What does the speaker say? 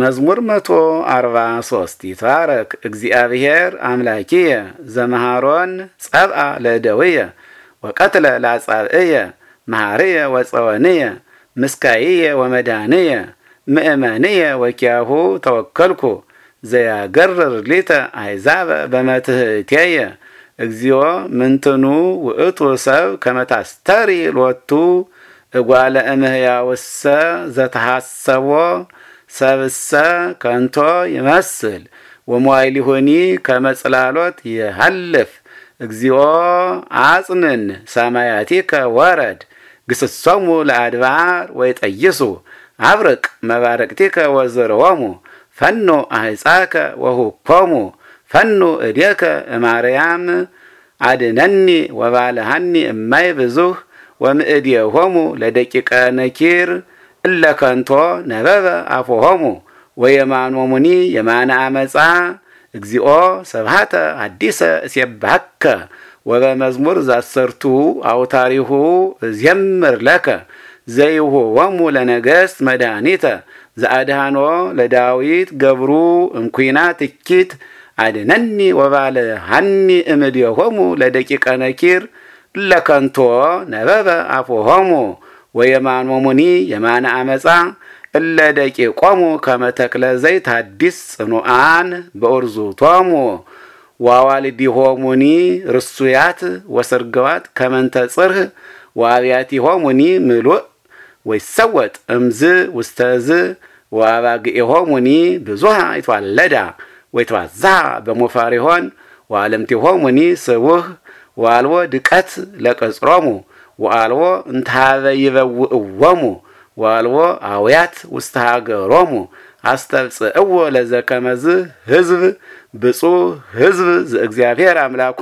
መዝሙር መቶ አርባ ሶስት ይትባረክ እግዚአብሔር አምላኪየ ዘመሃሮን ጸብአ ለደውየ ወቀትለ ላጻብእየ መሃርየ ወጸወንየ ምስካይየ ወመዳንየ ምእመንየ ወኪያሁ ተወከልኩ ዘያገርር ሊተ አሕዛበ በመትሕትየ እግዚኦ ምንትኑ ውእቱ ሰብ ከመታስተሪ ሎቱ እጓለ እምህያ ውሰ ዘተሃሰቦ ሰብሰ ከንቶ ይመስል ወሞይሊሁኒ ከመጽላሎት ይሃልፍ እግዚኦ አጽንን ሰማያቲከ ወረድ ግስሶሙ ለአድባር ወይ ጠይሱ አብርቅ መባረቅቲከ ወዝርዎሙ ፈኖ አህጻከ ወሁኮሙ ፈኖ እዴከ እማርያም አድነኒ ወባልሃኒ እማይ ብዙህ ወምእድየሆሙ ለደቂቀ ነኪር እለ ከንቶ ነበበ አፎሆሙ ወየማኖሙኒ የማነ አመፃ እግዚኦ ሰብሃተ አዲሰ እሴብሐከ ወበመዝሙር ዛሰርቱ አውታሪሁ እዜምር ለከ ዘይሁ ወሙ ለነገስት መድኃኒተ ዘአድሃኖ ለዳዊት ገብሩ እንኩና ትኪት አድነኒ ወባለ ሃኒ እምድ እምድዮሆሙ ለደቂቀ ነኪር ለከንቶ ነበበ አፎሆሙ ወየማኖሙኒ የማነ አመፃ እለ ደቂቆሙ ከመ ተክለ ዘይት አዲስ ጽኑዓን በእርዙቶሙ ዋዋልዲሆሙኒ ርሱያት ወሰርገዋት ከመንተ ጽርህ ወአብያቲሆሙኒ ምሉእ ወይሰወጥ እምዝ ውስተዝ ወአባግዒሆሙኒ ብዙሃ ይትዋለዳ ወይትዋዛሃ በሞፋሪሆን ወአለምቲሆሙኒ ስቡህ ወአልቦ ድቀት ለቀጽሮሙ ወአልዎ እንታበ ይበውእዎሙ ወአልዎ አውያት ውስተ ሀገሮሙ አስተብፅዕዎ ለዘከመዝ ህዝብ ብፁ ህዝብ ዘእግዚአብሔር አምላኩ